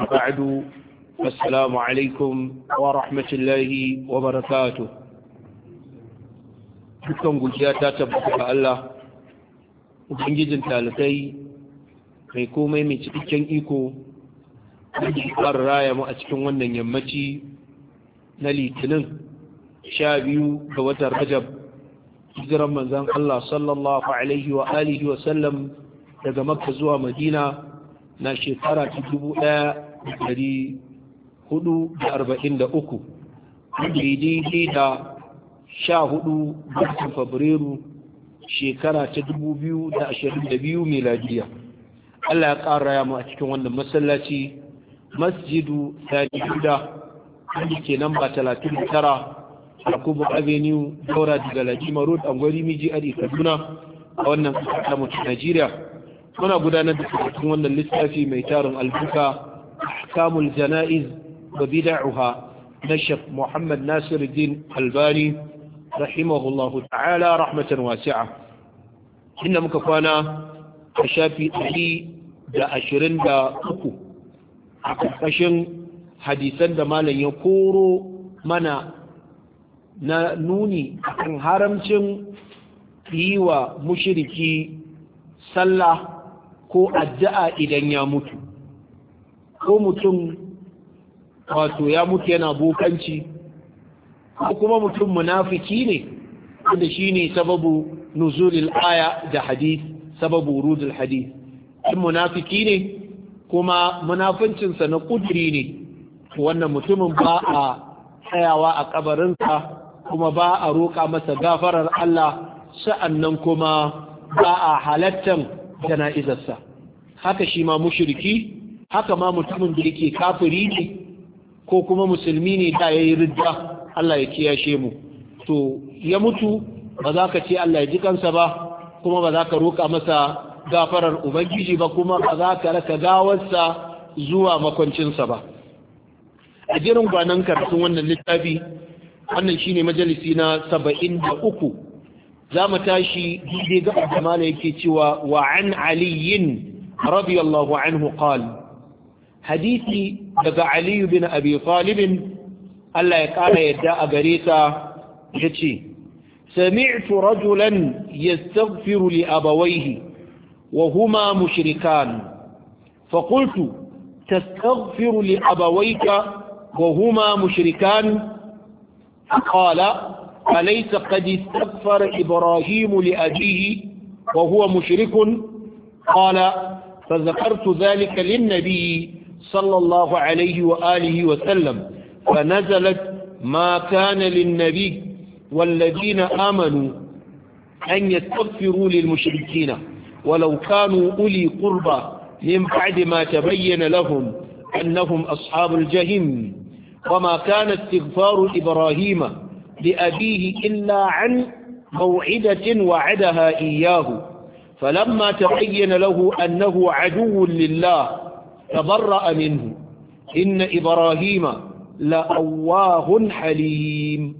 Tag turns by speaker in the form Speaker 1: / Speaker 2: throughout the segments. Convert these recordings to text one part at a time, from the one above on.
Speaker 1: بعد السلام عليكم ورحمة الله وبركاته dukkan gujiya ta tabbata ga Allah ubangijin talatai mai komai mai cikakken iko wanda ya raya mu a cikin wannan yammaci na litinin sha biyu ga watan rajab hijiran manzan Allah sallallahu alaihi wa alihi wa sallam daga makka zuwa madina na shekara ta dubu ɗaya da
Speaker 2: daidai
Speaker 1: da sha hudu fabrairu shekara ta dubu biyu da ashirin da biyu miladiya Allah ya ƙara ya mu a cikin wannan masallaci masjidu sani guda wanda ke nan ba talatin da tara yakubu avenue daura daga lajima road gwari miji a kaduna a wannan kasa ta mutu najeriya muna gudanar da cikin wannan littafi mai tarin albuka أحكام الجنائز وبدعها نشف محمد ناصر الدين الباني رحمه الله تعالى رحمة واسعة إن مكفانا أشافي أهلي دا أشرين دا أكو أكفشن حديثا دا مالا يقورو mana na nuni kan haramcin yi wa mushiriki sallah ko addu'a idan ya mutu ko mutum wato ya mutu yana bokanci ko kuma mutum munafiki ne wanda ne sababu nuzulil aya da hadith sababu wurudul hadith in munafiki ne kuma munafincinsa na kudiri ne wannan mutumin ba a tsayawa a kabarinsa kuma ba a roƙa masa gafarar Allah sa'annan kuma ba a halattan jana'izarsa haka shi ma mushriki haka ma mutumin da yake kafiri ne ko kuma musulmi ne da ya yi ridda Allah ya kiyashe mu to ya mutu ba za ka ce Allah ya ji kansa ba kuma ba za ka roƙa masa gafarar ubangiji ba kuma ba za ka raka gawarsa zuwa makwancinsa ba a jirin gwanan karatun wannan littafi wannan shine majalisi na saba'in da uku za mu tashi daidai ga abdamala yake cewa wa an aliyin radiyallahu anhu qala hadisi daga aliyu bin Abi Talib Allah ya kara yadda a gare ta yace sami'tu rajulan yastaghfiru li abawayhi wa huma mushrikan fa qultu tastaghfiru li abawayka wa huma mushrikan qala alaysa qad istaghfara ibrahim li abihi wa huwa mushrikun qala فذكرت ذلك للنبي صلى الله عليه وآله وسلم فنزلت ما كان للنبي والذين آمنوا أن يستغفروا للمشركين ولو كانوا أولي قربى من بعد ما تبين لهم أنهم أصحاب الجحيم وما كان استغفار إبراهيم لأبيه إلا عن موعدة وعدها إياه فلما تبين له أنه عدو لله تبرأ منه إن إبراهيم لأواه حليم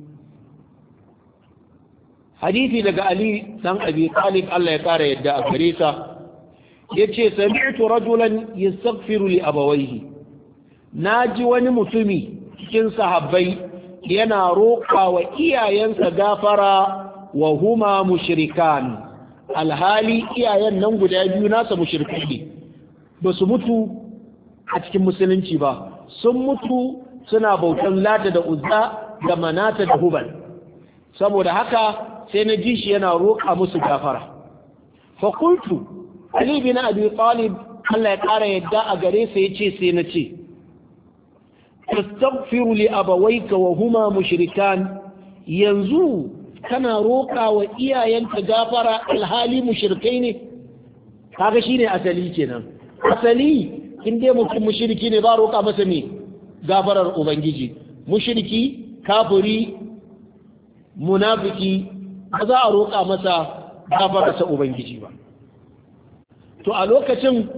Speaker 1: حديثي لك علي سن أبي طالب الله يكار يدعى فريسة يتشي سمعت رجلا يستغفر لأبويه ناجي ونمتمي كن صحبي ينا روقا وإيا ينسى غافرا وهما مشركان alhali iyayen nan guda biyu nasa mushriki ne ba su mutu a cikin musulunci ba sun mutu suna bautan lata da uzza da manata da hubal saboda haka sai na ji shi yana roƙa musu gafara fa qultu ali bin abi talib Allah ya ƙara yadda a gare sa yace sai na ce tastaghfiru li abawayka wa huma mushrikan yanzu kana roƙa wa iyayenka gafara alhali mushrikai ne kaga shine asali kenan asali in dai mutum mushriki ne ba roƙa masa ne gafarar ubangiji mushriki kafiri munafiki ba za a roƙa masa gafararsa ubangiji ba to a lokacin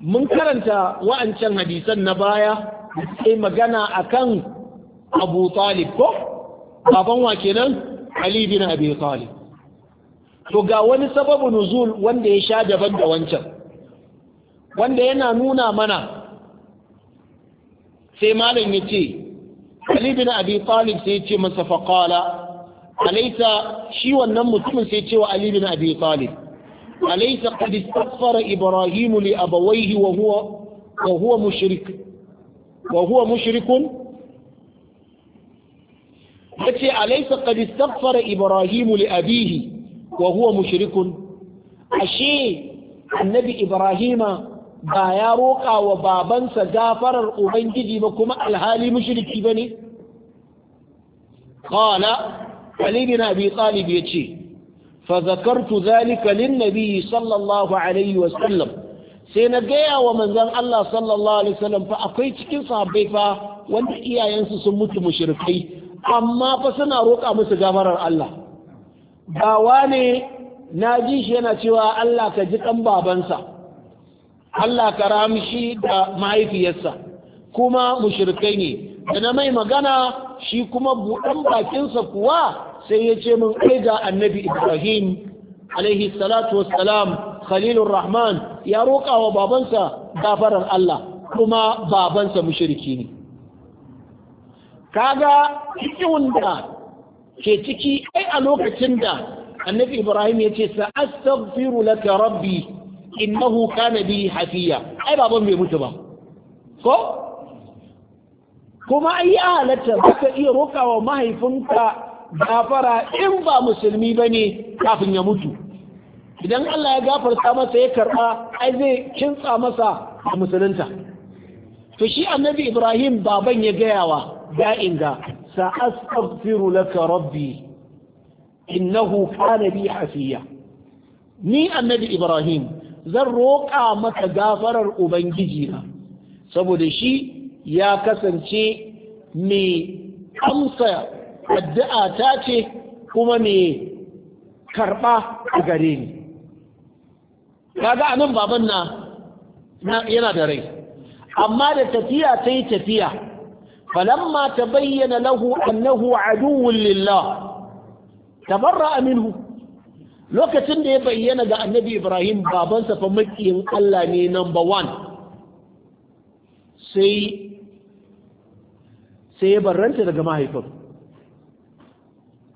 Speaker 1: mun karanta wa'ancan hadisan na baya sai magana akan abu talib ko baban wa kenan ali bin abi talib to ga wani sababu nuzul wanda ya sha daban da wancan wanda yana nuna mana sai malam ya ce Ali bin Abi Talib sai ce masa faqala alaysa shi wannan mutumin sai ya ce wa Ali bin Abi Talib alaysa qad istaghfara Ibrahim li abawayhi wa huwa wa huwa mushrik wa huwa mushrikun yace alaysa qad istaghfara Ibrahim li abihi wa huwa mushrikun ashe annabi Ibrahima ba ya roƙa wa babansa gafarar ubangiji ba kuma alhali mushriki ba ne Aliyu ali bin abi talib yace fa zakartu zalika lin nabi sallallahu alaihi wa sallam sai na gaya wa manzon Allah sallallahu alaihi wasallam fa akwai cikin sahabbai fa wanda iyayensu sun mutu mushrikai amma fa suna roƙa musu gafarar Allah ba wane na ji shi yana cewa Allah ka ji ɗan babansa Allah karamshi ramshi da mahaifiyarsa kuma mushirkai ne da na mai magana shi kuma buɗan bakinsa kuwa sai ya ce min kai ga annabi Ibrahim alaihi salatu wassalam khalilur rahman ya roƙa wa babansa gafarar Allah kuma babansa mushirki ne kaga cikin da ke ciki ai a lokacin da annabi Ibrahim ya ce sa astaghfiru laka rabbi innahu kana bi hafiya ai baban bai mutu ba ko kuma ai ya halatta baka iya rokawa mahaifinka gafara in ba musulmi bane kafin ya mutu idan Allah ya gafarta masa ya karba ai zai kintsa masa a musulunta to shi annabi Ibrahim baban ya gayawa da'in ga sa'astaghfiru laka rabbi innahu kana bi hafiya ni annabi Ibrahim zan roƙa maka gafarar ubangiji na saboda shi ya kasance mai amsa addu'a ta ce kuma mai karɓa a gare ni kaga anan baban na yana da rai amma da tafiya ta yi tafiya falamma ta bayyana lahu annahu aduwwun lillah barra Aminu. lokacin da ya bayyana ga annabi ibrahim babansa fa makiyin allah ne number one sai sai ya barranta daga mahaifin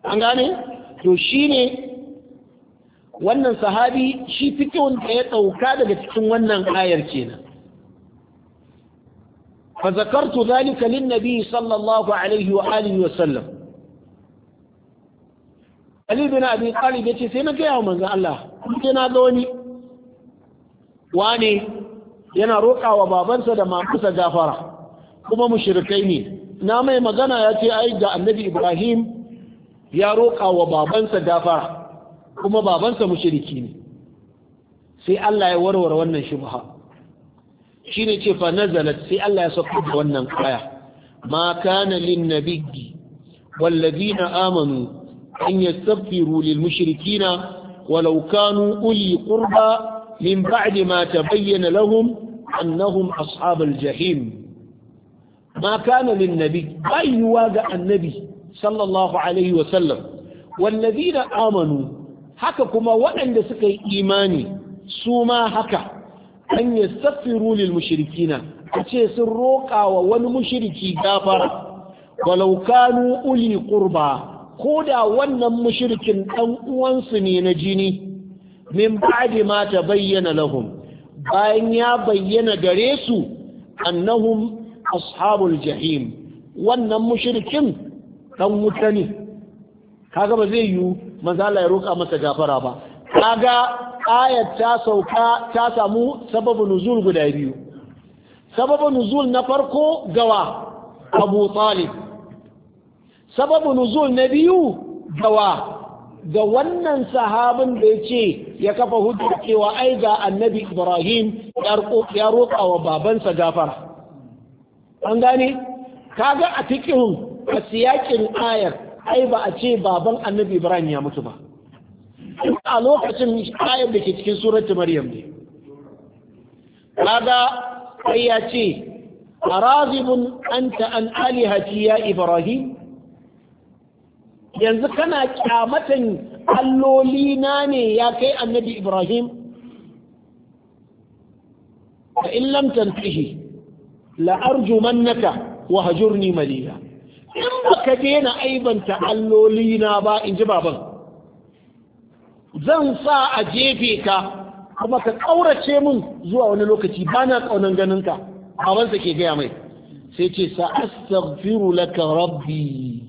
Speaker 1: an gane to shi ne wannan sahabi shi fikihun da ya ɗauka daga cikin wannan ayar kenan lin nabi sallallahu alaihi wa alihi wa sallam. Ali bin Abi Talib yace sai na gaya wa manzon Allah sai na ga wani wane yana roƙawa babansa da mamansa gafara kuma mushrikai ne na mai magana ya ce ai ga annabi Ibrahim ya roƙawa babansa gafara kuma babansa mushriki ne sai Allah ya warware wannan shubha shine ce fa nazalat sai Allah ya sauko da wannan aya ma kana lin nabiyyi wal na amanu أن يستغفروا للمشركين ولو كانوا أولي قربى من بعد ما تبين لهم أنهم أصحاب الجحيم ما كان للنبي أي واقع النبي صلى الله عليه وسلم والذين آمنوا حككما وأن سكي إيماني سوما حكا أن يستغفروا للمشركين أتي سروقا وون مشركي دافر ولو كانوا أولي قربى ko da wannan mushirkin ɗan uwansu ne na jini min ba'di ma ta bayyana lahum bayan ya bayyana gare su annahum ashabul jahim wannan mushirkin ɗan wuta ne kaga ba zai yiwu manzo Allah ya roƙa masa gafara ba kaga ayat ta sauka ta samu sababu nuzul guda biyu sababu nuzul na farko gawa Abu Talib sababu nuzul na biyu gawa ga wannan sahabin da ya ce ya kafa hujjar cewa ai ga annabi ibrahim ya roƙa wa babansa gafara an gane kaga a cikin a siyakin ayar ai ba a ce baban annabi ibrahim ya mutu ba a lokacin ayar da ke cikin suratu maryam ne kaga
Speaker 2: ai ya ce
Speaker 1: a razibun anta an alihati ya ibrahim yanzu kana kyamatan alloli na ne ya kai annabi ibrahim A in lam tantahi la arjumannaka wa hajurni maliya in baka daina aibanta alloli na ba in ji baban zan sa a jefe ka kuma ka ƙaurace min zuwa wani lokaci ba na ƙaunan ganinka babansa ke gaya mai sai ce sa'astaghfiru laka rabbi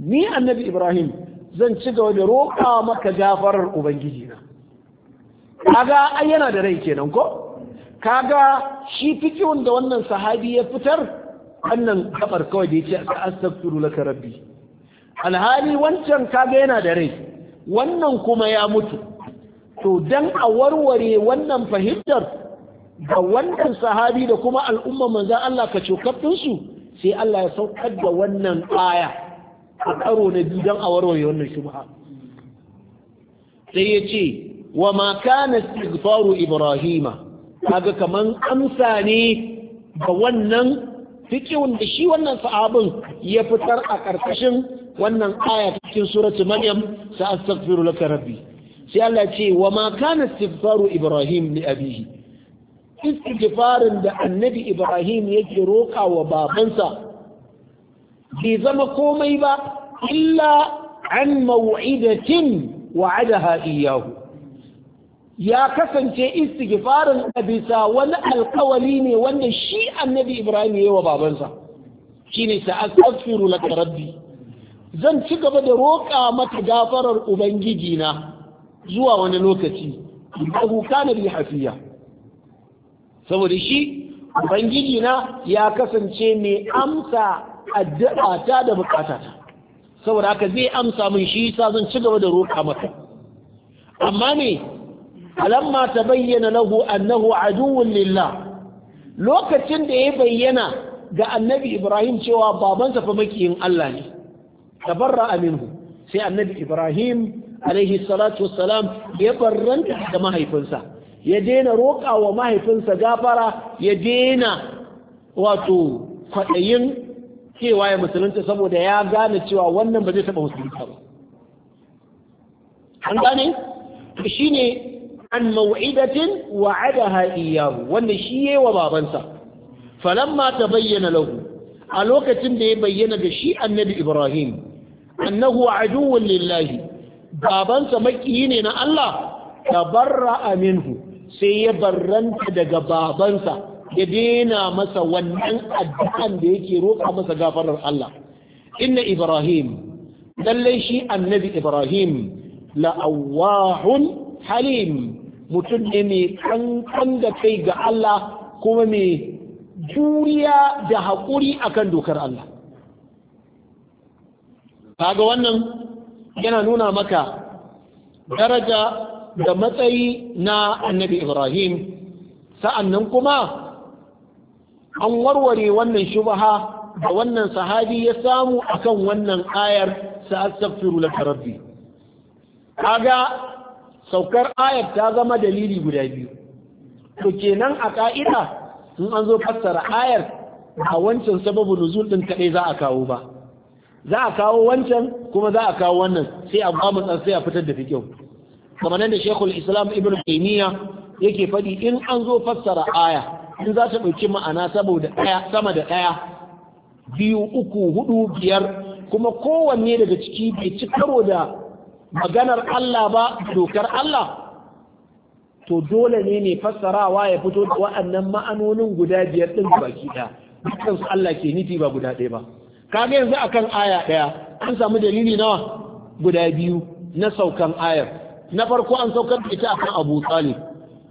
Speaker 1: ni annabi ibrahim zan ci gaba da roƙa maka gafarar ubangiji na kaga ai yana da rai kenan ko kaga shi fikihun da wannan sahabi ya fitar wannan kafar kawai da yace astaghfiru laka rabbi alhali wancan kaga yana da rai wannan kuma ya mutu to dan a warware wannan fahimtar ga wannan sahabi da kuma al'umma manzon Allah ka cokaftin sai Allah ya saukar da wannan aya a karo na biyu don a warware wannan shubha sai ya ce wa ma kana istighfaru ibrahima kaga kamar amsa ne ga wannan fikirin da shi wannan sahabin ya fitar a ƙarƙashin wannan aya cikin suratu maryam sa astaghfiru laka rabbi sai Allah ce wa ma kana istighfaru ibrahim li abihi istighfarin da annabi ibrahim yake roka wa babansa bai zama komai ba illa an maw'idatin wa'adaha iyahu ya kasance istighfarin a bisa wani alkawali ne wanda shi annabi ibrahim ya yi wa babansa shine sa'astaghfiru laka rabbi zan ci gaba da roƙa mata gafarar ubangiji na zuwa wani lokaci innahu kana bi hafiya saboda shi ubangiji na ya kasance mai amsa addu'a ta da bukatata saboda haka zai amsa min shi yasa zan ci gaba da roƙa maka amma ne alamma ta bayyana lahu annahu aduwwun lillah lokacin da ya bayyana ga annabi Ibrahim cewa babansa fa makiyin Allah ne tabarra minhu sai annabi Ibrahim alaihi salatu wassalam ya barranta da mahaifinsa ya daina roƙa wa mahaifinsa gafara ya daina wato kwaɗayin cewa ya musulunta saboda ya gane cewa wannan ba zai taɓa musulunta ba an gane shi ne an maw'idatin wa'adaha iyahu wannan shi yi wa babansa ta bayyana lahu a lokacin da ya bayyana ga shi annabi Ibrahim annahu aduwwun lillahi babansa makiyi ne na Allah Tabarra aminhu sai ya barranta daga babansa ya dena masa wannan addu'an da yake roƙa masa gafarar Allah inna ibrahim lallai shi annabi ibrahim la'awahun halim mutum ne mai kankan da kai ga Allah kuma mai juriya da haƙuri akan dokar Allah kaga wannan yana nuna maka daraja da matsayi na annabi ibrahim sa'annan kuma an warware wannan shubaha da wannan sahabi ya samu akan wannan ayar sa'astaghfiru laka rabbi kaga saukar ayar ta zama dalili guda biyu to kenan a ka'ida in an zo fassara ayar a wancan sababu nuzul din kadai za a kawo ba za a kawo wancan kuma za a kawo wannan sai a ba sai a fitar da fikiyo kamar nan da Sheikhul Islam Ibn Taymiyyah yake fadi in an zo fassara aya in za ta ɗauki ma'ana saboda ɗaya sama da ɗaya biyu uku hudu biyar kuma kowanne daga ciki bai ci karo da maganar Allah ba dokar Allah to dole ne ne fassarawa ya fito da wa'annan ma'anonin guda biyar ɗin baki ɗaya dukkan su Allah ke nufi ba guda ɗaya ba kaga yanzu akan aya ɗaya an samu dalili nawa guda biyu na saukan ayar na farko an saukar da ita akan Abu Talib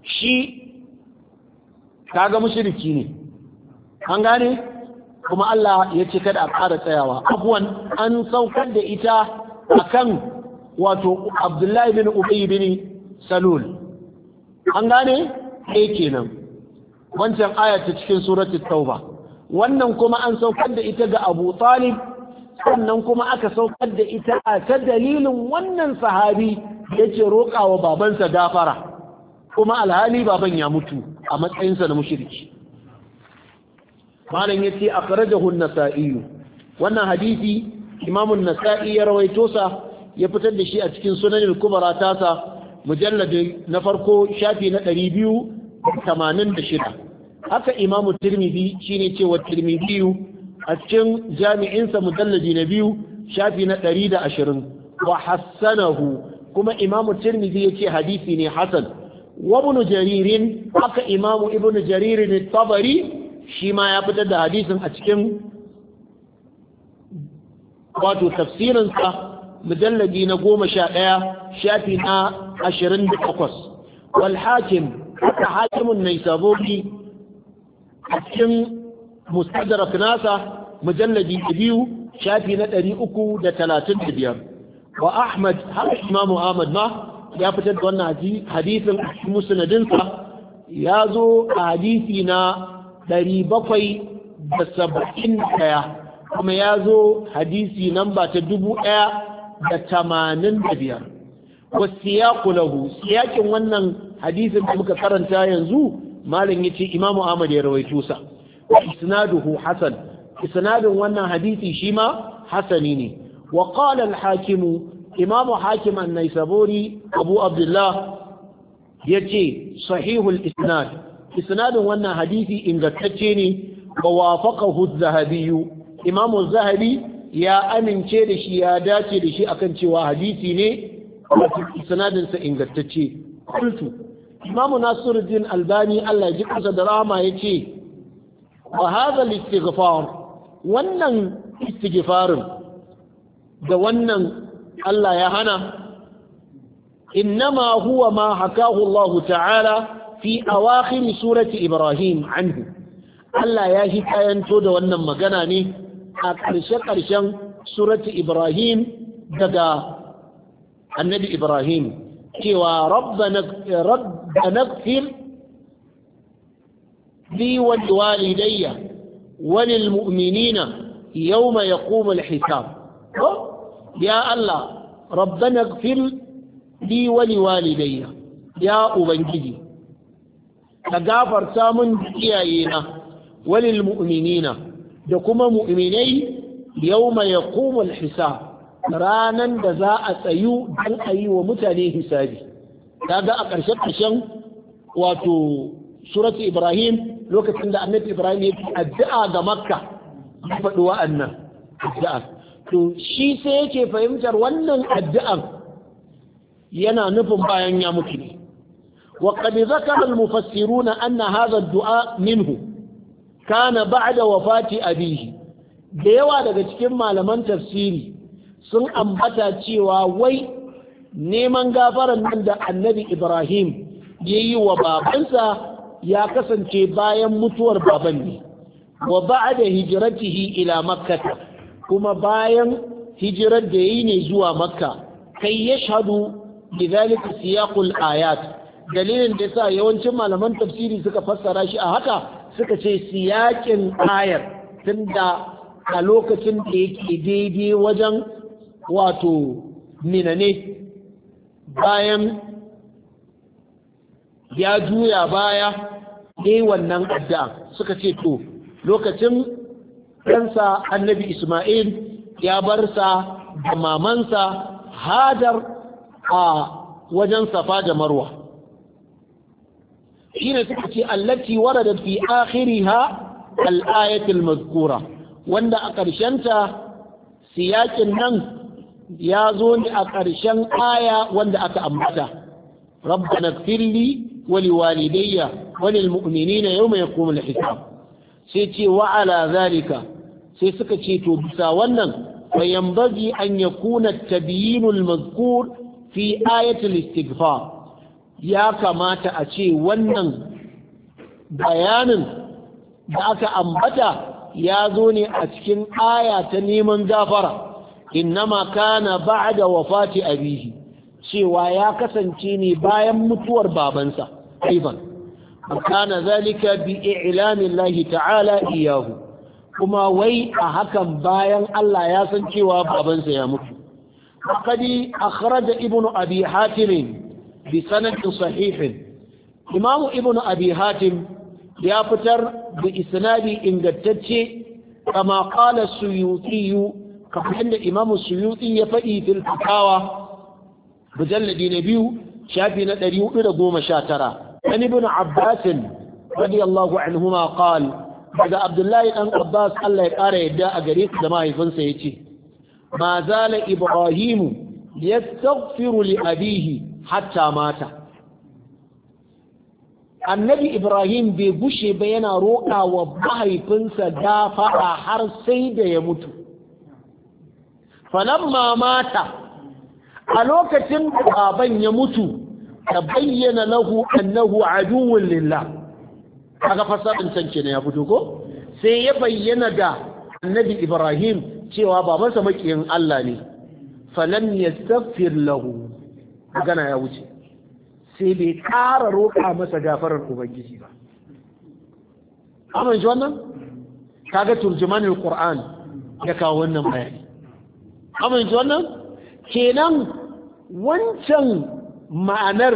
Speaker 1: shi kaga mushriki ne an gane kuma Allah ya ce kada a ƙara tsayawa abuwan an saukar da ita akan wato Abdullahi bin Ubay bin Salul an gane eh kenan wancan aya ta cikin suratul tauba wannan kuma an saukar da ita ga Abu Talib sannan kuma aka saukar da ita ta dalilin wannan sahabi yace yake roƙawa babansa gafara kuma alhali baban ya mutu a matsayinsa na mushirki malam yace akhrajahu an-nasa'i wannan hadisi imamu an-nasa'i ya rawaito sa ya fitar da shi a cikin sunan al-kubra sa mujallad na farko shafi na 286 haka imamu tirmidhi shine cewa tirmidhi a cikin jami'in sa mujalladi na biyu shafi na 120 wa hassanahu kuma imamu tirmidhi yace hadisi ne hasan jaririn وابن جرير حكى إمام ابن جرير الطبري شما يبدأ حديث أتكم wato tafsirinsa mujalladi na goma sha ɗaya shafi na ashirin da takwas haka hakimin mai sabobi a cikin mustadrak nasa mujalladi da biyu shafi na ɗari uku da talatin da biyar wa ahmad haka imamu ahmad ma ya fitar da wannan hadisin musnadinsa ya zo a hadisi na da ɗaya. kuma ya zo hadisi namba ta 1085 wasiyaqu lahu siyakin wannan hadisin da muka karanta yanzu malam ya ce Imam Ahmad ya rawaito sa isnaduhu hasan isnadin wannan hadisi shi ma hasani ne wa qala al-hakimu imamu hakim nai sabori abu abdullah ya ce sahihul isnad isnadin wannan hadisi ingantacce ne ba wafaqahu zahabiyu imamu zahabi ya amince da shi ya dace da shi akan cewa hadisi ne sanadinsa ingantacce kultu imamu nasiruddin albani allah ji kusa da rama ya ce wa haza istighfar wannan istighfarin da wannan Allah ya hana innama huwa ma hakahu Allah ta'ala fi awakhir surati Ibrahim anhu Allah ya shi kayanto da wannan magana ne a ƙarshe-ƙarshen surati Ibrahim daga annabi Ibrahim cewa rabbana gfir li wal walidayya wal mu'minina yawma yaqumul hisab ya Allah rabbana gfir li wa liwalidayya ya ubangiji ka gafarta mun iyayena walil mu'minina da kuma mu'minai yawma yaqumu al-hisab ranan da za a tsayu don a yi wa mutane hisabi kaga a ƙarshe ƙarshen wato suratu ibrahim lokacin da annabi ibrahim ya addu'a ga makka ya faɗi wa'annan addu'a to shi sai yake fahimtar wannan addu'ar yana nufin bayan ya mutu ne wa qad zakara al mufassiruna anna hadha ad-du'a minhu kana ba'da wafati abihi da yawa daga cikin malaman tafsiri sun ambata cewa wai neman gafaran nan da annabi Ibrahim yayi wa babansa ya kasance bayan mutuwar baban ne wa ba'da hijiratihi ila makkata. kuma bayan hijirar da yi ne zuwa makka kai ya shahadu da siyaqul ayat dalilin da sa yawancin malaman tafsiri suka fassara shi a haka suka ce siyakin ayar tunda a lokacin da yake daidai wajen wato minane bayan ya juya baya ne wannan adda suka ce to lokacin ɗansa annabi Ismail ya bar sa da mamansa hajar a wajen safa da marwa shi ne suka ce allati warada fi akhiriha al-ayatul mazkura wanda a ƙarshenta siyakin nan ya zo ne a ƙarshen aya wanda aka ambata rabbana firli wa liwalidayya wa lil mu'minina yawma yaqumul hisab sai ce wa zalika sai suka ce to bisa wannan fa yanbaghi an yakuna tabyinul mazkur fi ayatul istighfar ya kamata a ce wannan bayanin da aka ambata ya zo ne a cikin aya ta neman gafara innama kana ba'da wafati abihi cewa ya kasance ne bayan mutuwar babansa aiban وكان ذلك بإعلان الله تعالى إياه كما وي أحكم بايا ألا ياسن شوى بابا سيامك وقد أخرج ابن أبي حاتم بسند صحيح إمام ابن أبي حاتم يفتر بإسناد إنجتتش كما قال السيوطي كفحن إمام السيوطي يفئي في الفتاوى مجلد نبيو شافنا دريو إلى قوم شاترا عن ابن عباس رضي الله عنهما قال بعد عبد الله بن عباس الله يقرأ يدعى قريب لما يفنسى يتي ما زال إبراهيم يستغفر لأبيه حتى مات annabi ibrahim bai bushe ba yana roƙa wa mahaifinsa gafara har sai da ya mutu falamma mata a lokacin baban ya mutu Ka bayyana lahu annahu aduwwun lillah kaga fasarin can kenan ya fito ko sai ya bayyana da annabi Ibrahim cewa babansa makiyin Allah ne falam yastaghfir lahu magana ya wuce sai bai ƙara roƙa masa gafarar ubangiji ba amince wannan kaga turjumanin qur'an ya kawo wannan bayani amince wannan kenan wancan ma'anar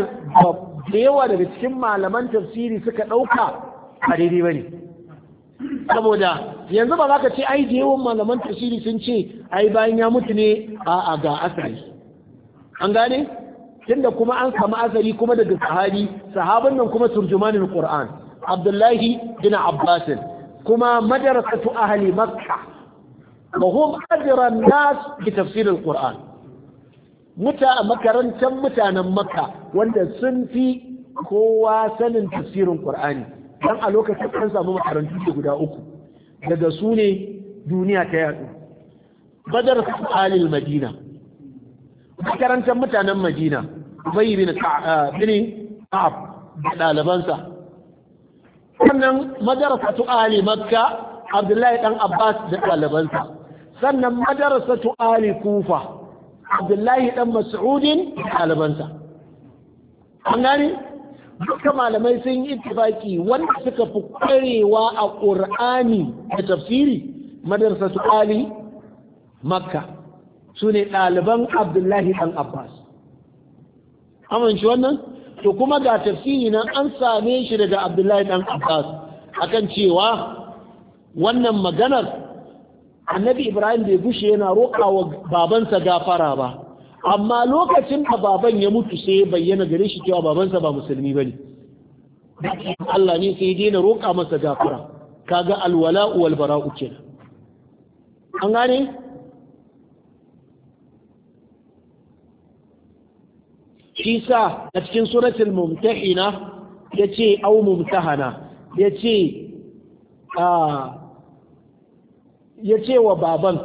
Speaker 1: da yawa daga cikin malaman tafsiri suka ɗauka a daidai ba ne saboda yanzu ba za ka ce ai da yawan malaman tafsiri sun ce ai bayan ya mutu ne a ga asali an gane tunda kuma an samu asali kuma daga sahabi sahaban nan kuma turjumanin qur'an abdullahi bin abbas kuma madrasatu ahli makkah wa hum ajra nas bi tafsir muta a makarantar mutanen makka wanda sun fi kowa sanin tafsirin qur'ani don a lokacin kan samu makarantu guda uku daga su ne duniya ta yadu badar alil madina makarantar mutanen madina ubay bini ah, ka'ab da ɗalibansa sannan madarasatu ali makka abdullahi dan abbas da ɗalibansa sannan madarasatu ali kufa abdullahi dan mas'udin ɗalibansa an gane duka malamai sun yi ittifaki wanda suka fi kwarewa a ƙur'ani da tafsiri madarsa su ali makka su ne ɗaliban abdullahi dan abbas amince wannan to kuma ga tafsiri nan an same shi daga abdullahi dan abbas akan cewa wannan maganar annabi ibrahim bai gushe yana roƙa wa babansa gafara ba amma lokacin da baban ya mutu sai ya bayyana gare shi cewa babansa ba musulmi ba ne Allah ne sai ya daina roƙa masa gafara kaga alwala'u wal bara'u kenan an gane Kisa a cikin suratul mumtahina yace au mumtahana yace a ah, ya ce wa baban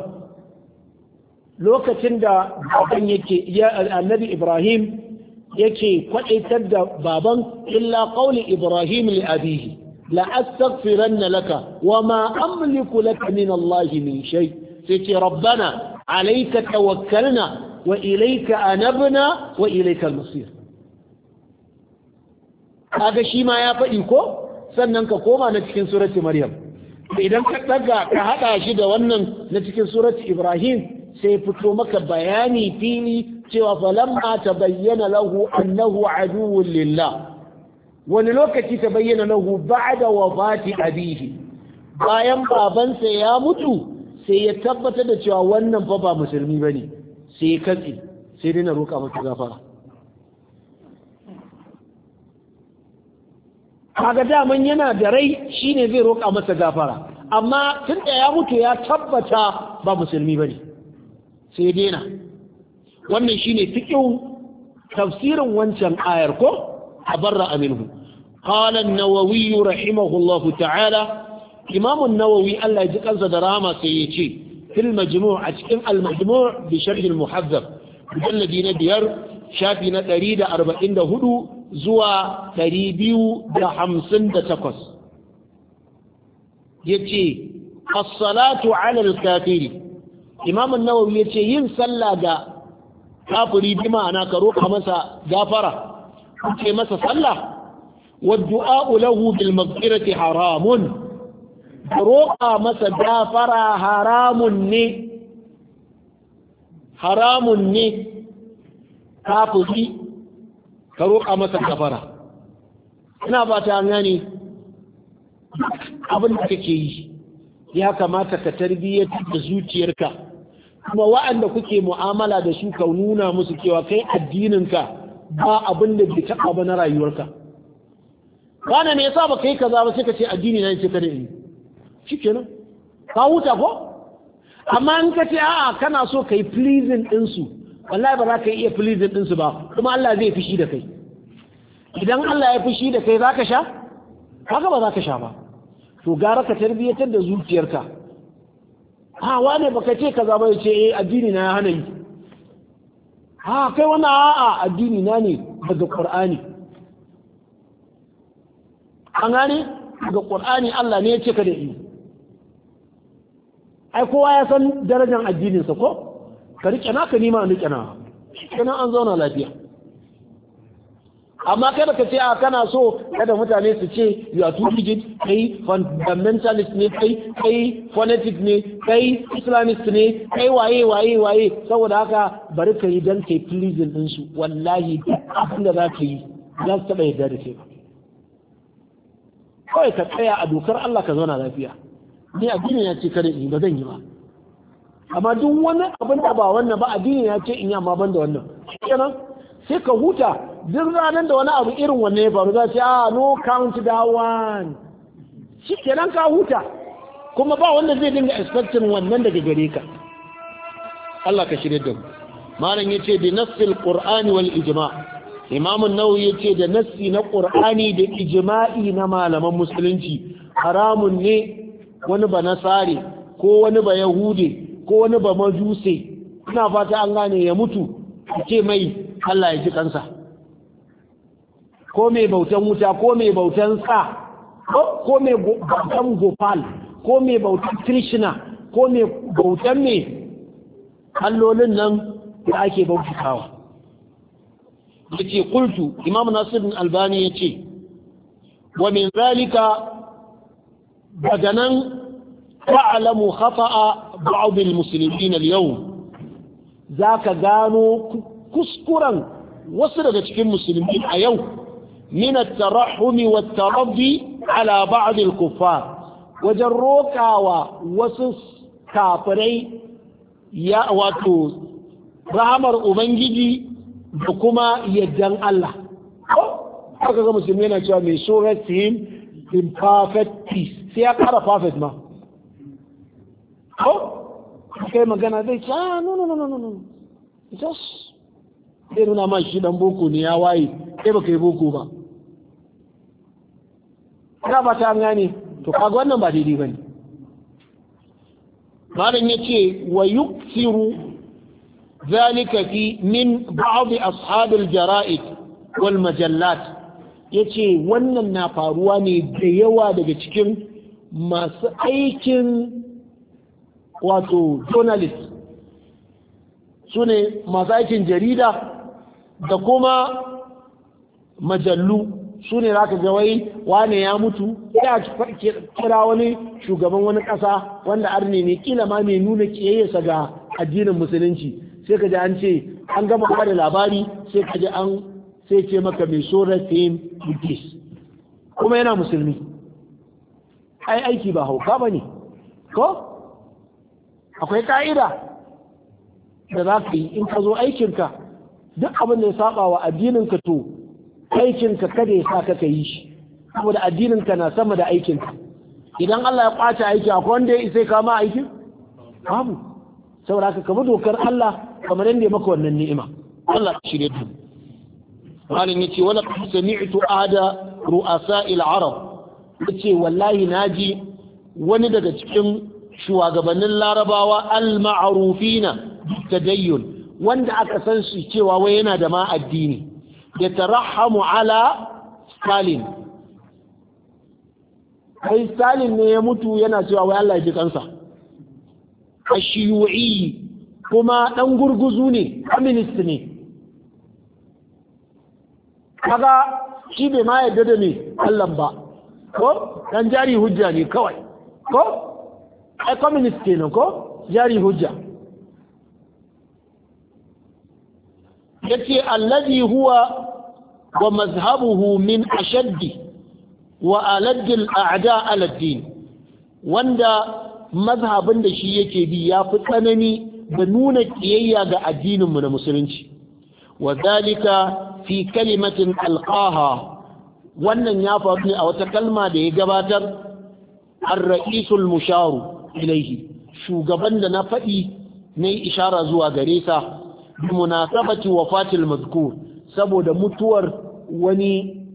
Speaker 1: lokacin da baban yake ya annabi ibrahim yake kwaɗaitar da baban illa qawli ibrahim li'abihi abihi la astaghfiranna laka wa ma amliku laka min allah min shay sai ce rabbana alayka tawakkalna wa ilayka anabna wa ilayka al kaga shi ma ya faɗi ko sannan ka koma na cikin surati maryam idan ka daga ka hada shi da wannan na cikin surat ibrahim sai fito maka bayani fili cewa falamma tabayyana lahu annahu aduwwun lillah wani lokaci ta bayyana lahu ba'da wafati abihi bayan babansa ya mutu sai ya tabbatar da cewa wannan fa ba musulmi bane sai ya sai dai na roƙa masa gafara kaga daman yana da rai shine zai roƙa masa gafara amma tun da ya mutu ya tabbata ba musulmi bane sai daina wannan shine fiqhu tafsirin wancan ayar ko abarra aminhu qala an-nawawi rahimahullahu ta'ala imam nawawi Allah ya ji kansa da rama sai ya ce fil majmu' a cikin al-majmu' bi sharh al-muhazzab mujalladi na biyar shafi na 144 zuwa 258 yace as-salatu 'ala al-kafiri imam an-nawawi yace yin sallah ga kafiri bi ma'ana ka roƙa masa gafara ce masa sallah wa du'a lahu bil maghfirati haramun roƙa masa gafara haramun ne haramun ne kafiri ka roƙa masa gafara ina ba ta abin da kake yi ya kamata ka tarbiyyatar da zuciyarka kuma waɗanda kuke mu'amala da su ka nuna musu cewa kai addininka ba abin da bai taɓa ba na rayuwarka kana me yasa ba kai kaza ba sai ka ce addini na ce kada in shikenan ka huta ko amma in ka ce a'a kana so kai pleasing din su wallahi ba za ka iya pleasing din su ba kuma Allah zai fushi da kai idan Allah ya fushi da kai za ka sha haka ba za ka sha ba to gara ka tarbiyyatar da zuciyarka ha wane baka ce kaza ba ce eh addini na ya hana yi ha kai wani a'a addini na ne daga qur'ani an gane daga qur'ani Allah ne ya ce ka da yi ai kowa ya san darajar addininsa ko ka rike naka nima rike na kana an zauna lafiya amma kada ka ce a ah, kana so kada mutane su ce you are too rigid kai fundamentalist ne kai kai fanatic ne kai islamist ne kai waye waye waye saboda haka bari ka yi dan kai pleasing din su wallahi abin da za ka yi za su taba yadda da ba. kawai ka tsaya a dokar Allah ka zauna lafiya ni gini ya ce kada in ba zan yi ba amma duk wani abin da ba wannan ba gini ya ce in yi amma ban da wannan kenan sai ka huta duk ranar da wani abu irin wanne ya faru za ce a ah, no count that one shi kenan ka huta kuma ba wanda zai dinga expectin wannan daga gare ka Allah ka shirya da mu malam yace da nasil qur'ani wal ijma' imam an-nawawi yace da nassi na qur'ani da ijma'i na malaman musulunci haramun ne wani ba nasari ko wani ba yahude ko wani ba majuse ina fata an gane ya mutu ce mai Allah ya ji kansa ko mai bautan wuta ko mai bautan sa ko mai bautan gopal ko mai bautan krishna ko mai bautan mai allolin nan da ake Da ke kultu imam nasir albani albani ce, wa min zalika daga nan fa'alamu khata'a ba'ubin musulmi na yau, za ka gano kuskuren wasu daga cikin musulmi a yau min at-tarahumi wat-taraddi ala ba'd al-kuffar wajen rokawa wasu kafirai ya wato rahamar ubangiji da kuma yaddan Allah haka ga musulmi yana cewa mai so rest him in perfect peace sai ya kara perfect ma ko kai magana zai ce ah no no no no no just sai nuna ma shi dan boko ne ya waye sai baka yi boko ba ina ba ta gane to kaga wannan ba daidai bane malam yace wa yuksiru zalika fi min ba'd ashab al-jara'id wal majallat yace wannan na faruwa ne da yawa daga cikin masu aikin wato journalist su ne masu aikin jarida da kuma majallu su ne za ka ga wai wane ya mutu ya kira wani shugaban wani ƙasa wanda arne ne kila ma mai nuna kiyayyarsa ga addinin musulunci sai ka ji an ce an gama ba labari sai ka ji an sai ce maka mai sorar fim buddhist kuma yana musulmi ai aiki ba hauka ba ne ko akwai ka'ida da za ka yi in ka zo aikinka duk abin da ya saba wa addinin ka to aikin ka kada ya sa ka yi shi saboda addinin ka na sama da aikin ka idan Allah ya kwace aiki akwai wanda ya isa kama aikin babu saboda ka kama dokar Allah kamar yadda ya maka wannan ni'ima Allah ya shirye ta ne yace wala sami'tu ada il arab yace wallahi naji wani daga cikin shugabannin larabawa al-ma'rufina tadayyun wanda aka san shi cewa wai yana da ma addini ya tarahamu ala stalin kai stalin ne ya mutu yana cewa wai Allah ya ji kansa ashiyu'i kuma dan gurguzu ne communist ne kaga shi bai ma yadda da me Allah ba ko dan jari hujja ne kawai ko ai communist ne, ko jari hujja yace allazi huwa wa mazhabuhu min ashaddi wa a'ada al'addin, wanda mazhabin da shi yake bi ya fi tsanani da nuna kiyayya ga addininmu na musulunci wa zalika fi kalimatin alqaha wannan ya faru ne a wata kalma da ya gabatar ar-ra'isul musharu ilaihi shugaban da na faɗi yi ishara zuwa gare sa bi munasabati wafatil mazkur saboda mutuwar wani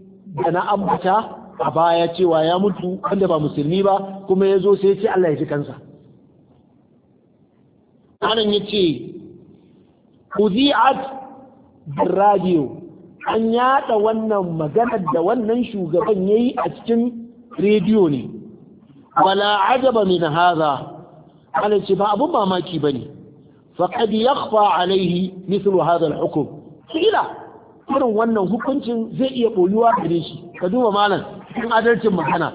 Speaker 1: da na ambata a baya cewa ya mutu wanda ba musulmi ba kuma ya zo sai ya ce Allah ya ji kansa anan ya ce kuzi'at radio an yada wannan maganar da wannan shugaban ya yi a cikin rediyo ne wala ajaba min haza ana ce ba abun mamaki ba ne faqad yakhfa alaihi mithlu hadha al-hukm kila irin wannan hukuncin zai iya boyuwa gare shi ka duba malam in adalcin magana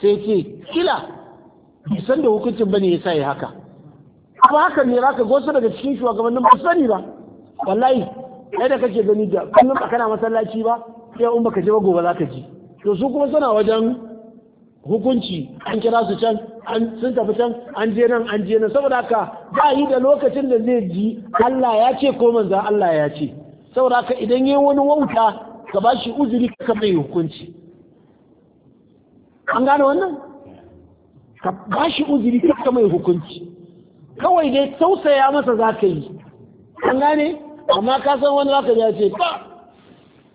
Speaker 1: sai ce kila bai san da hukuncin bane yasa yi haka ba haka ne zaka ka wasu daga cikin shugabannin ba sani ba wallahi kai da kake gani da kullum ba kana masallaci ba sai in baka je ba gobe zaka ji to su kuma suna wajen hukunci an kira su can an sun tafi can an je nan an je nan saboda haka ba yi da lokacin da zai ji Allah ya ce ko manzo Allah ya ce saboda haka idan yayi wani wauta ka ba shi uzuri ka mai hukunci an gane wannan ka ba shi uzuri ka mai hukunci kawai dai tausaya masa za ka yi an gane amma ka san wani zaka ya ce ba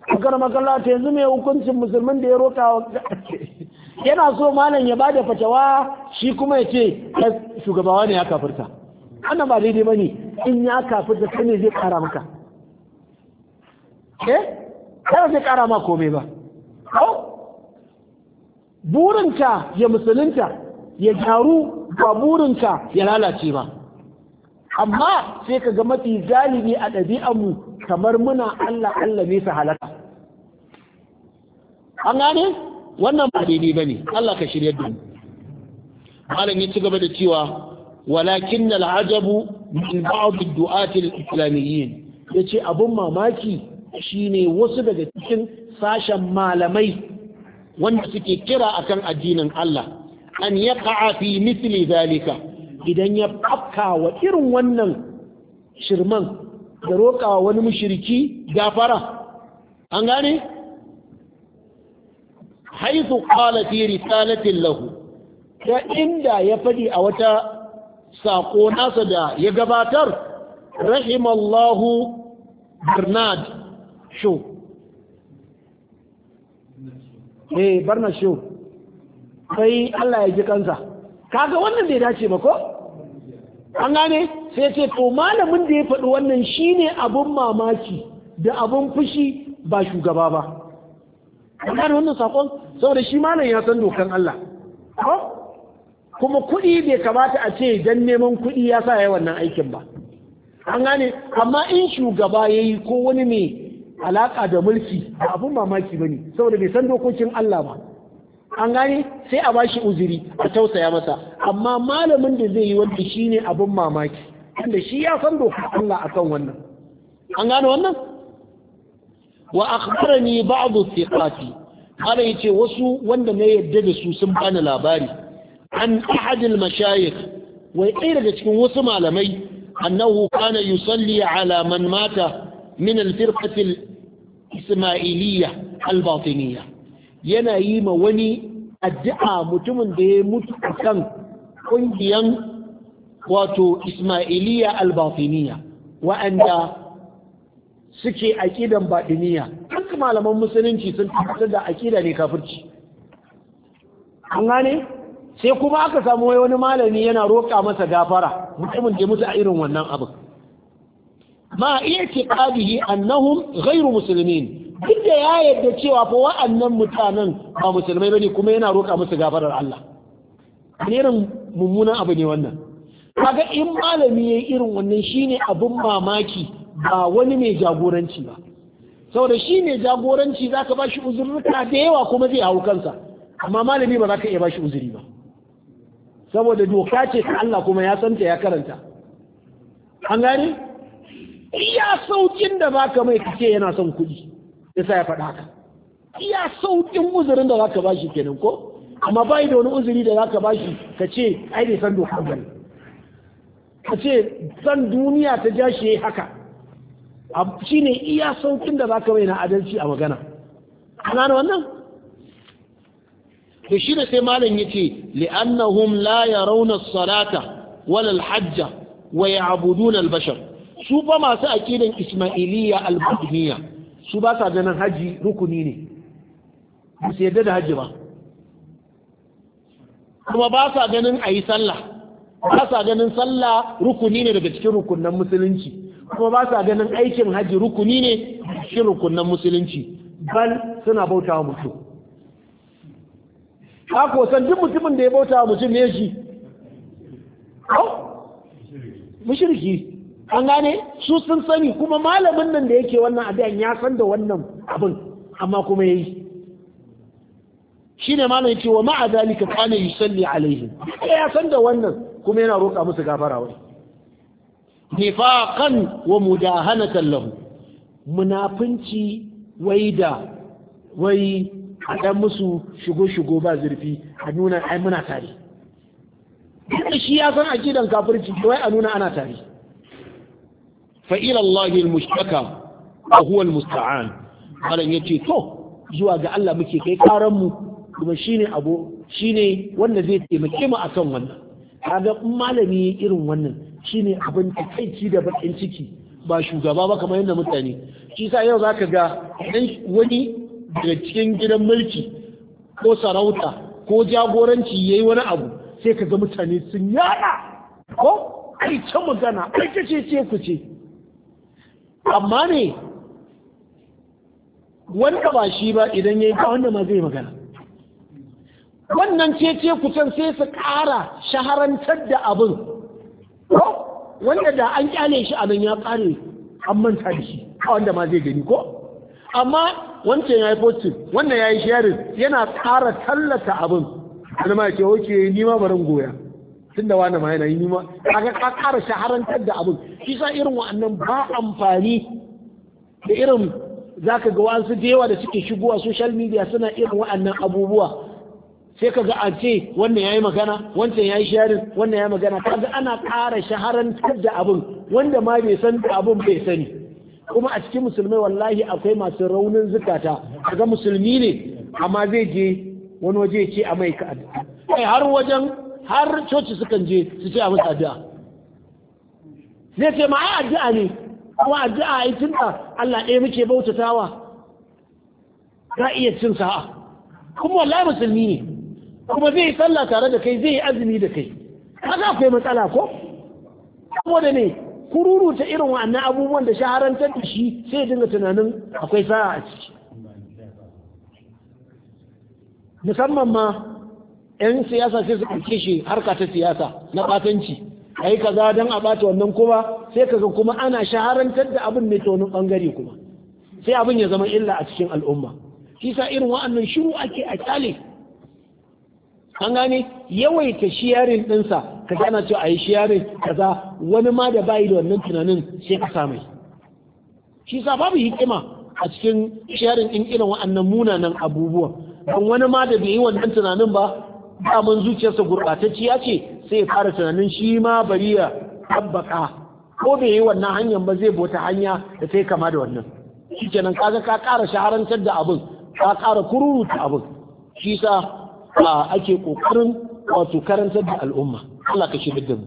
Speaker 1: a karamakan ta yanzu mai hukuncin musulmin da ya roƙa wa yana so malam ya bada fatawa shi kuma ya ce shugabawa ne ya kafirta wannan ba daidai bane in ya kafirta kai ne zai kara maka eh kai zai kara ma komai ba burinka ya musulunta ya gyaru ba burinka ya lalace ba amma sai ka ga mafi zalimi a ɗabi'anmu kamar muna Allah Allah ne su halaka an gane wannan ba daidai ba ne Allah ka shirya da mu malam ya ci gaba da cewa walakin na al'ajabu min ba'd du'ati al-islamiyyin yace abun mamaki shine wasu daga cikin sashen malamai wanda suke kira akan addinin Allah an yaqa fi mithli zalika idan ya afka wa irin wannan shirman da roƙawa wani mushriki gafara an gane Haisu qala fi risalatin lahu ta inda ya fadi a wata sako nasa da ya gabatar rahimallahu bernard show eh bernard show sai Allah ya ji kansa kaga wannan bai dace ba ko an gane sai ce to malamin da ya faɗi wannan shine abun mamaki da abun fushi ba shugaba ba an gane wannan sakon saboda shi malam ya san dokan Allah kuma kuɗi bai kamata a ce dan neman kuɗi ya sa ya wannan aikin ba an gane amma in shugaba ya yi ko wani mai alaƙa da mulki ba abun mamaki ba ne saboda bai san dokokin Allah ba an gane sai a ba shi uziri, a tausaya masa amma malamin da zai yi wanda shi ne abin mamaki wanda shi ya san dokar Allah akan wannan an gane wannan wa akhbarani ba'd thiqati ana ce wasu wanda na yadda da su sun bani labari an ahadil mashayik, wai ɗaya daga cikin wasu malamai annahu kana yusalli ala man mata min al-firqati al-isma'iliyya al yana yi ma wani addu'a mutumin da ya mutu kan kungiyan wato isma'iliyya al wa'anda suke aqidan batiniya duk malaman musulunci sun tabbatar da aƙida ne kafirci an gane sai kuma aka samu wani malami yana roƙa masa gafara mutumin da mutu a irin wannan abin ma iya ce ƙabihi annahum ghairu musulmin duk da ya yadda cewa fa wa'annan mutanen ba musulmai bane kuma yana roƙa masa gafarar Allah irin mummunan abu ne wannan kaga in malami yi irin wannan shine abun mamaki ba wani mai jagoranci ba saboda shi ne jagoranci za ka ba shi uzurruka da yawa kuma zai hau kansa amma malami ba za ka iya ba shi uzuri ba saboda doka ce ta Allah kuma ya santa ya karanta an gane iya saukin da ba ka mai kake yana son kuɗi sa ya faɗa haka iya saukin uzurin da za ka ba shi kenan ko amma ba da wani uzuri da za ka ba shi ka ce ai bai san doka ba ka ce san duniya ta ja shi haka shi ne iya saukin da za ka mai na adalci a magana ana wannan Da shi da sai malam ya ce li'annahum la yarawna salata wala al-hajja wa ya'buduna al-bashar su ba masu aqidan ismailiyya al-madiniyya su ba sa ganin haji rukuni ne ba su yadda da haji ba kuma ba sa ganin ayi sallah ba sa ganin sallah rukuni ne daga cikin rukunan musulunci kuma ba sa ganin aikin haji rukuni ne shi rukunan musulunci bal suna bauta wa mutum ka kosan duk mutumin da ya bauta wa mutum ne shi mushriki an gane su sun sani kuma malamin nan da yake wannan abin ya san da wannan abin amma kuma yayi shine ne yake wa ma'a zalika kana yusalli alaihim ya san da wannan kuma yana roƙa musu gafara wai nifaqan wa mudahanatan lahu munafinci wai da wai a ɗan musu shigo-shigo ba zurfi a nuna ai muna tare duk shi ya san akidan kafirci wai a nuna ana tare fa ila Allahi al-mushtaka wa huwa al-musta'an yace to zuwa ga Allah muke kai karan mu kuma shine abu shine wanda zai taimake mu akan wannan kaga in malami irin wannan ne abin takaici da bakin ciki ba shugaba ba kamar yadda mutane shi sa yau ka ga wani daga cikin gidan mulki ko sarauta ko jagoranci ya yi wani abu sai ka ga mutane sun yada ko ai can magana ai ta ce ce ku ce amma ne wanda ba shi ba idan ya yi ba wanda ma zai magana wannan ce ce ku can sai su ƙara shaharantar da abin wanda da an kyale shi abin ya kare an manta da shi a wanda ma zai gani ko amma wancan ya yi fotin wanda ya yi sharing yana tsara tallata abin wani ma ke oke ni ma barin goya tun da wani ma yana yi ni ma kaga kara shaharantar da abin shi sa irin wa'annan ba amfani da irin zaka ga wasu da yawa da suke shigowa social media suna irin wa'annan abubuwa sai kaga a ce wannan yayi magana wancan yayi sharin wannan yayi magana kaga ana ƙara shaharantar da abin wanda ma bai san abin bai sani kuma a cikin musulmai wallahi akwai masu raunin zukata kaga musulmi ne amma zai je wani waje ce a mai ka'ada kai har wajen har coci sukan je su ce a masa addu'a zai ce ma ai addu'a ne kuma addu'a ai tunda Allah ɗaya muke bautatawa ka iya cin sa'a kuma wallahi musulmi ne kuma zai yi sallah tare da kai zai yi azumi da kai za ku yi matsala ko saboda ne ta irin wa'annan abubuwan da shaharantar da shi sai dinga tunanin akwai sa'a a ciki musamman ma 'yan siyasa sai su ɗauke shi harka ta siyasa na ɓatanci a yi kaza don a ɓata wannan kuma sai kaga kuma ana shaharantar da abin ne ta wani ɓangare kuma sai abin ya zama illa a cikin al'umma shi sa irin wa'annan shiru ake a kyale an gane yawaita shiyarin ɗinsa ka gana cewa a yi shiyarin kaza wani ma da bayi da wannan tunanin sai ka samai shi sa babu hikima a cikin shiyarin ɗin irin wa'annan munanan abubuwa don wani ma da bai yi wannan tunanin ba daman zuciyarsa gurɓatacciya ce sai ya fara tunanin shi ma bari ya tabbaka ko bai yi wannan hanyar ba zai bota hanya da ta kama da wannan shi kenan kaga ka ƙara shaharantar da abin ka ƙara kururuta abin shi sa a ake kokarin wato karantar da al'umma Allah ka shirya da mu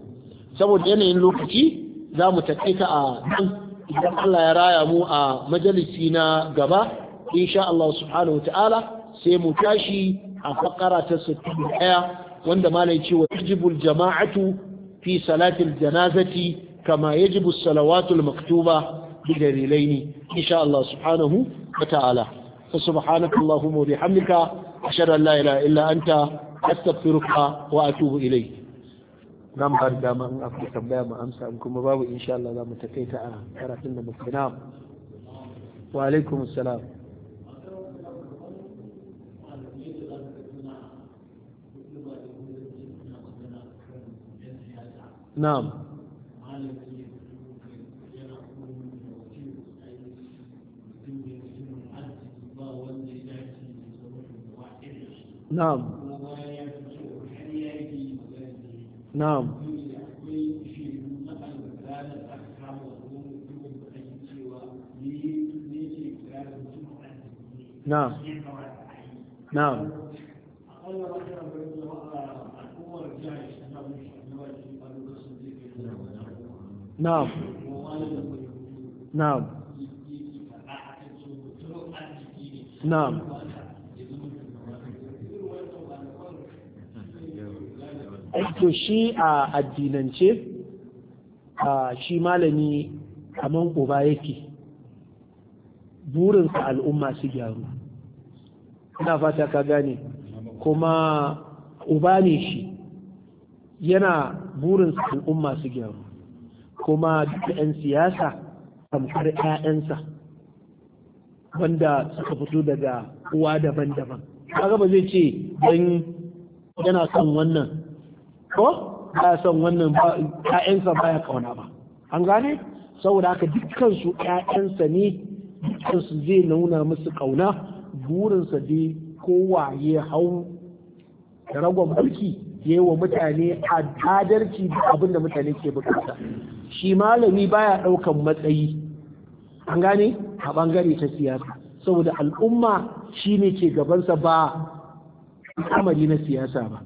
Speaker 1: saboda yanayin lokaci za mu ka a nan idan Allah ya raya mu a majalisi na gaba insha Allah subhanahu wa ta'ala sai mu tashi a fakara ta 61 wanda malai ce wa tajibul jama'atu fi salatil janazati kama yajibu salawatul maktuba bi dalilaini insha Allah subhanahu wa ta'ala fa subhanakallahumma wa bihamdika ashhadu an la ilaha illa anta astaghfiruka wa atubu ilayk nan ba da ma in akwai tambaya mu amsa in kuma babu insha Allah za mu takaita a karatun da muke na wa alaikum assalam na'am na'am na'am
Speaker 2: na'am na'am na'am na'am na'am
Speaker 1: to shi a addinance a shi malami kaman uba yake burinsa al'umma su gyaru ina fata ka gane kuma uba ne shi yana burinsa al'umma su gyaru kuma duka 'yan siyasa tamkar 'ya'yansa wanda suka fito daga uwa daban-daban kaga ba zai ce don yana kan wannan ko ba son wannan ba ƴaƴansa baya kauna ba an gane saboda haka dukkan su ƴaƴansa ne dukkan su zai nuna musu ƙauna burinsa dai kowa ya hau da ragon mulki ya yi wa mutane adalci da abin da mutane ke bukata shi malami baya ɗaukan matsayi an gane a bangare ta siyasa saboda al'umma shi ne ke gabansa ba al'amari na siyasa ba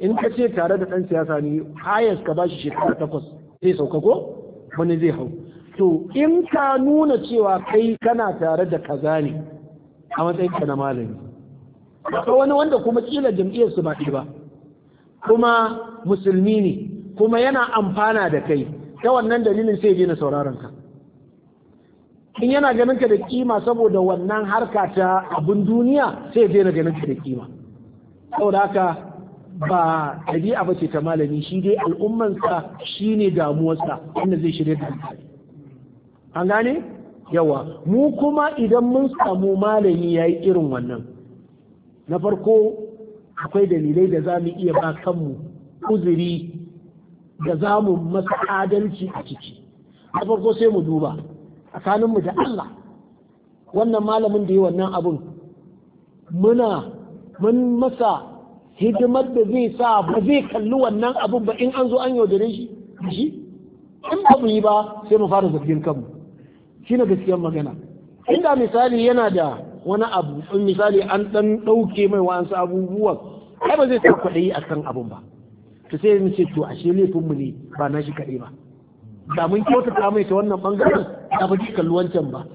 Speaker 1: in ka ce tare da ɗan siyasa ne hayas ka bashi shekara takwas zai sauka ko wani zai hau to in ka nuna cewa kai kana tare da kaza ne a matsayin ka na malami ba wani wanda kuma kila jam'iyyar su ba ba kuma musulmi ne kuma yana amfana da kai ta wannan dalilin sai na sauraron ka in yana ganin ka da kima saboda wannan harka ta abin duniya sai je na ganin ka da kima saboda haka ba ɗabi'a ba ce ta malami shi dai al'ummansa shi ne damuwarsa wanda zai shirya da an gane yawa mu kuma idan mun samu malami ya yi irin wannan na farko akwai dalilai da za mu iya ba kanmu uzuri da za mu masa adalci a ciki na farko sai mu duba tsakaninmu da Allah wannan malamin da yi wannan abin muna mun masa hidimar da zai sa ba zai kalli wannan abun ba in an zo an yaudare shi shi in ba mu yi ba sai mu fara zafin kanmu shi na gaskiyar magana inda misali yana da wani abu in misali an dan ɗauke mai wa'ansu abubuwan ai ba zai sa kwaɗayi a kan abun ba to sai yin ce to ashe laifinmu ne ba na shi kaɗai ba da mun ta mai ta wannan bangaren da ba ji kalli wancan ba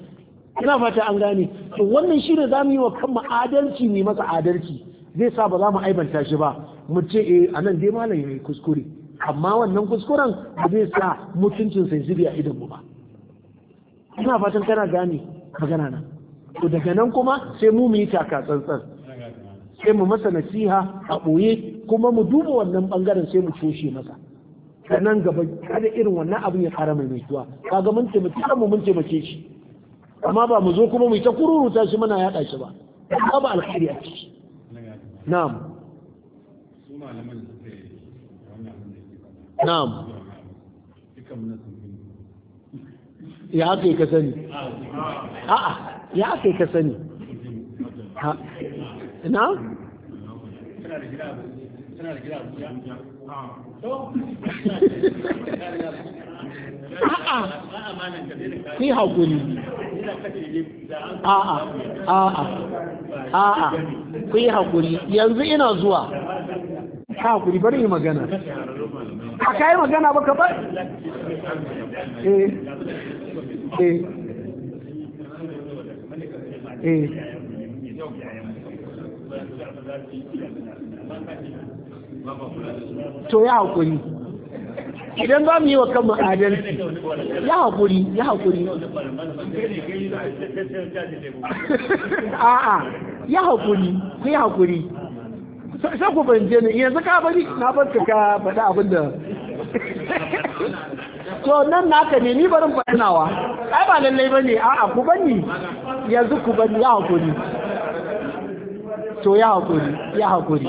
Speaker 1: ina fata an gane to wannan shi ne za mu yi wa kanmu adalci ne masa adalci zai sa ba za mu aibanta shi ba mu ce eh anan dai malam yayi kuskure amma wannan kuskuren ba zai sa mutuncin sai zubi a idan mu ba ina fatan kana gane magana nan to daga nan kuma sai mu mu yi taka tsantsan sai mu masa nasiha a ɓoye kuma mu duba wannan bangaren sai mu toshe masa sannan gaba kada irin wannan abin ya fara mai mutuwa kaga mun taimake mu mun ce shi amma ba mu zo kuma mu ta kururuta shi muna yaɗa shi ba ba alkhairi a ciki na'am na'am ya ake ka sani ah,
Speaker 2: a'a ya ake ka sani na? da gida a'a sai hakuri a'a a'a a'a ku yi hakuri yanzu ina zuwa ka hakuri bari yi magana a ka magana ba ka bar eh eh eh to ya hakuri
Speaker 1: idan za mu yi wa kanmu adalci ya haƙuri ya haƙuri a'a ya haƙuri ku yi haƙuri sai ku banje ni yanzu ka bari na barka ka faɗi abin da to nan naka ne ni barin faɗinawa ai ba lallai ba ne a'a ku bani yanzu ku bani ya haƙuri to ya haƙuri ya haƙuri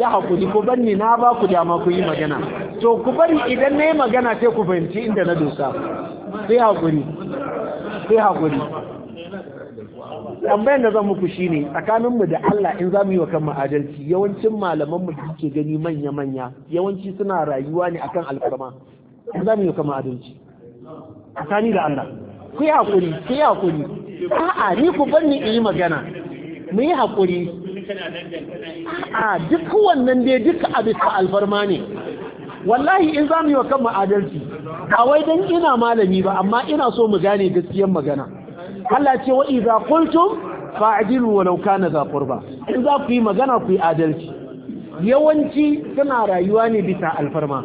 Speaker 2: ya haƙuri ku
Speaker 1: bani na ba ku dama ku yi magana to ku bari idan na yi magana sai ku fahimci inda na doka sai haƙuri sai haƙuri tambayan da zan muku shi ne tsakaninmu da Allah in za mu yi wa kanmu adalci yawancin malamanmu da suke gani manya-manya yawanci suna rayuwa ne akan alfarma in za mu yi wa kanmu adalci
Speaker 2: tsakani da Allah
Speaker 1: ku yi haƙuri ku yi haƙuri a'a ni ku bar ni in yi magana mu yi haƙuri a'a duk wannan dai duka a alfarma ne wallahi in za mu yi wa kan adalci awai wai dan ina malami ba amma ina so mu gane gaskiyar magana Allah ce wa idza qultum fa'dilu walau kana za qurba in za ku yi magana ku yi adalci yawanci suna rayuwa ne bisa alfarma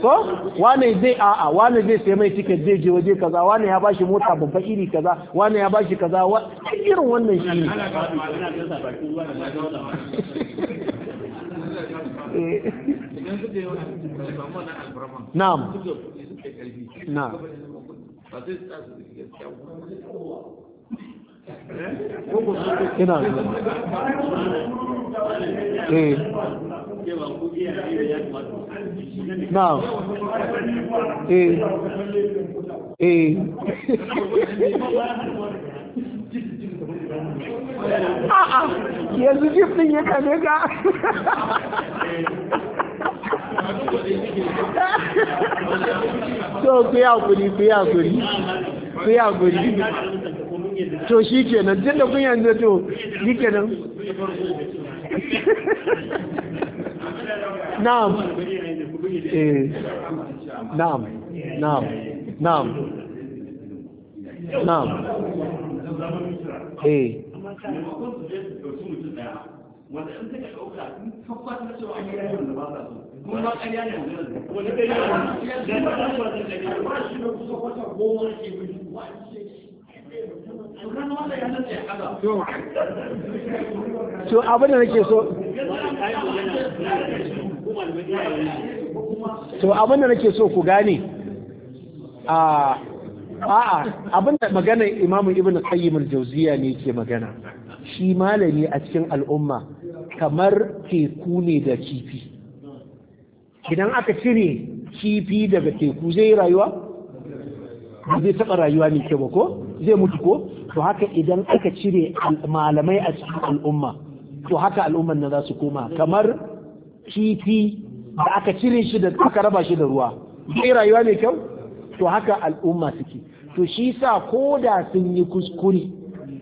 Speaker 1: ko wane zai a'a wane zai sai mai tiket zai je waje kaza wane ya bashi mota babba iri kaza wane ya bashi kaza irin wannan shi ne
Speaker 2: Eh. na'am na'am ina eh na'am eh. Eh. a'a yanzu
Speaker 1: jif din ya kame ka
Speaker 2: to ku ya kuri ku ya guri, ku ya to shi kenan tun da kun yanzu to shi kenan na'am eh na'am na'am na'am na'am eh maimakon wanda in suka ɗauka in tabbatar da ba sa da ba ke
Speaker 1: nake so To ku gane a'a abin da maganar imamu ibn qayyim al-jawziya ne ke magana shi malami a cikin al'umma kamar teku ne da kifi idan aka cire kifi daga teku zai rayuwa zai taɓa rayuwa ne ke ko zai mutu ko to haka idan aka cire malamai a cikin al'umma to haka al'umman nan za su koma kamar kifi da aka cire shi da aka raba shi da ruwa zai rayuwa ne kyau to haka al'umma suke to shi sa ko da sun yi kuskure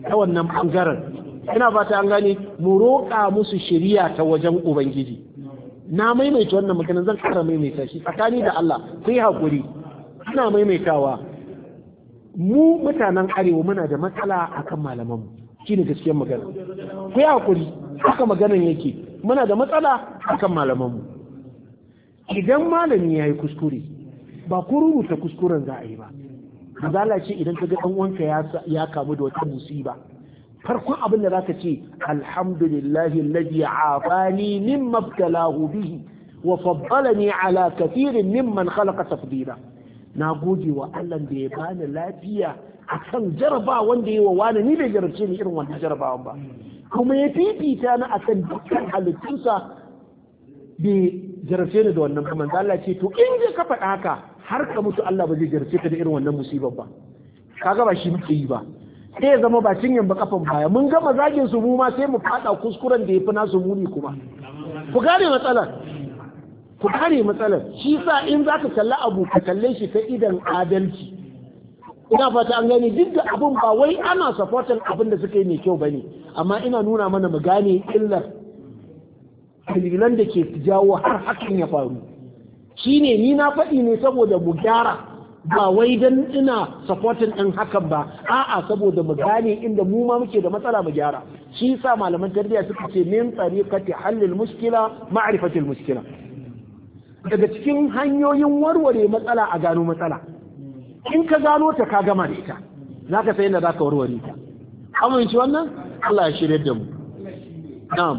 Speaker 1: ta wannan bangaren ina fata an gane mu roƙa musu shiriya ta wajen ubangiji na maimaita wannan maganar zan ƙara maimaita shi tsakani da Allah ku yi haƙuri ana maimaitawa mu mutanen arewa muna da matsala akan malamanmu shine gaskiyar magana ku yi haƙuri haka maganar yake muna da matsala akan malamanmu idan malami ya yi kuskure ba ku rubuta kuskuren za a yi ba mazala ce idan ka ga dan wanka ya kamu da wata musiba farkon abin da zaka ce alhamdulillahi alladhi afani mimma ibtalahu bihi wa faddalani ala kathirin mimman khalaqa tafdila na gode wa Allah da ya bani lafiya akan jaraba wanda yi wa wani ni bai jarabce ni irin wannan jarabawan ba kuma ya fifita ni akan dukkan halittunsa bai jarabce ni da wannan kuma Allah ce to in ka faɗa haka har ka mutu Allah ba zai jarce ka da irin wannan musibar ba kaga ba shi muke yi ba sai ya zama ba cinyan ba kafan baya mun gama zagin su mu ma sai mu fada kuskuren da ya fi nasu muni kuma ku gane matsalar ku gane matsalar shi sa in zata kalli abu ka kalle shi ta idan adalci ina fata an gani duk da abin ba wai ana supporting abin da suka yi mai kyau bane amma ina nuna mana mu gane illar dalilan da ke jawo har hakan ya faru shine ni na faɗi ne saboda mu gyara ba wai dan ina supporting ɗin hakan ba a'a saboda mu gane inda mu ma muke da matsala mu gyara shi sa malaman tarbiyya suka ce min tariqati halil muskila ma'rifatil muskila daga cikin hanyoyin warware matsala a gano matsala in ka gano ta ka gama da ita za ka sai za ka warware ta amince wannan Allah ya shirya da mu na'am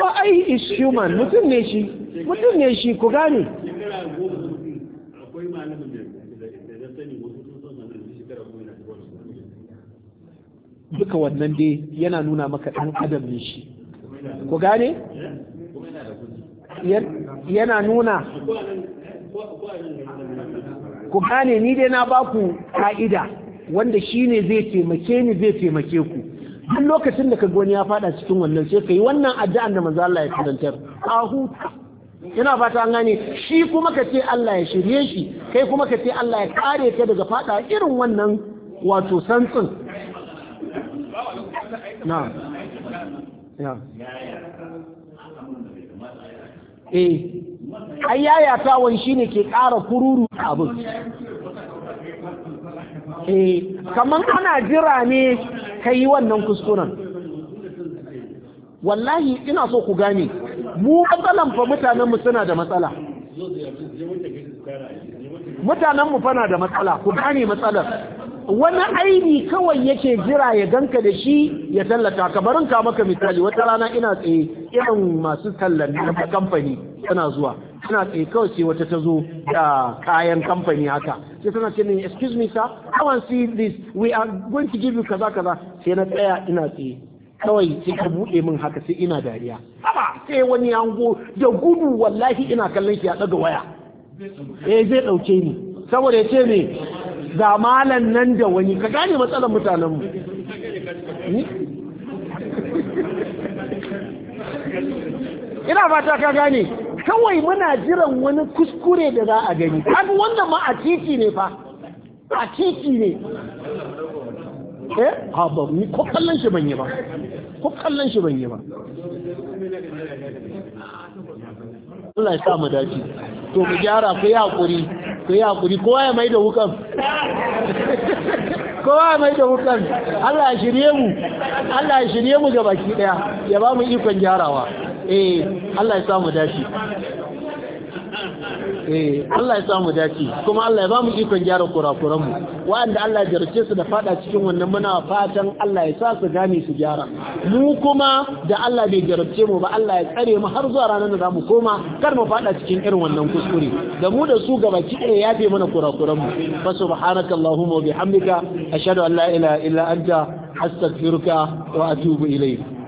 Speaker 1: ko ai is human mutum ne shi mutum ne shi ku gane duka wannan dai yana nuna maka ɗan adam ne shi ku gane yana nuna ku gane ni dai na baku ka'ida wanda shi ne zai taimake ni zai taimake ku duk lokacin da ka wani ya fada cikin wannan sai ka wannan addu'an da manzo Allah ya karantar a huta ina fata an gane shi kuma ka ce Allah ya shirye shi kai kuma ka ce Allah ya kare ka daga fada irin wannan wato santsin
Speaker 2: na ya
Speaker 1: eh ai wani shine ke ƙara kururu abin eh kaman ana jira ne ka yi wannan kuskuren wallahi ina so ku gane mu matsalan fa mutanenmu suna da matsala mutanenmu fana da matsala ku gane matsalar wani aini kawai yake jira ya ganka da shi ya tallata ka barin ka maka misali wata rana ina tsaye irin masu tallan na kamfani tana zuwa suna tsaye kawai sai wata ta zo da kayan kamfani haka sai tana ce excuse me sir i want to see this we are going to give you kaza kaza sai na tsaya ina tsaye kawai sai ka buɗe min haka sai ina dariya amma sai wani yango da gudu wallahi ina kallon shi ya ɗaga waya eh zai ɗauke ni saboda ya ce ne ga malan nan da wani ka gane matsalar mutanen mu ina fata ka gane kawai muna jiran wani kuskure da za a gani abu wanda ma a titi ne fa a titi ne
Speaker 2: eh ha ba ni ko kallon shi ban yi ba
Speaker 1: ko kallon shi ban yi ba
Speaker 2: Allah ya sa mu dace to mu gyara ku yi hakuri ku yi hakuri kowa ya mai da wukan
Speaker 1: kowa mai da wukan Allah ya shirye mu Allah ya shirye mu ga baki daya ya ba mu ikon gyarawa eh Allah ya sa mu dace
Speaker 2: eh Allah
Speaker 1: ya samu dace kuma Allah ya ba mu ikon gyara kurakuran mu wanda Allah ya jarce su da fada cikin wannan muna fatan Allah ya sa su gane su gyara mu kuma da Allah bai jarabce mu ba Allah ya tsare mu har zuwa ranar da za mu koma kar mu fada cikin irin wannan kuskure da mu da su gaba ki ya yafe mana kurakuran mu fa allahumma wa bihamdika ashhadu an la ilaha illa anta astaghfiruka wa atubu ilayk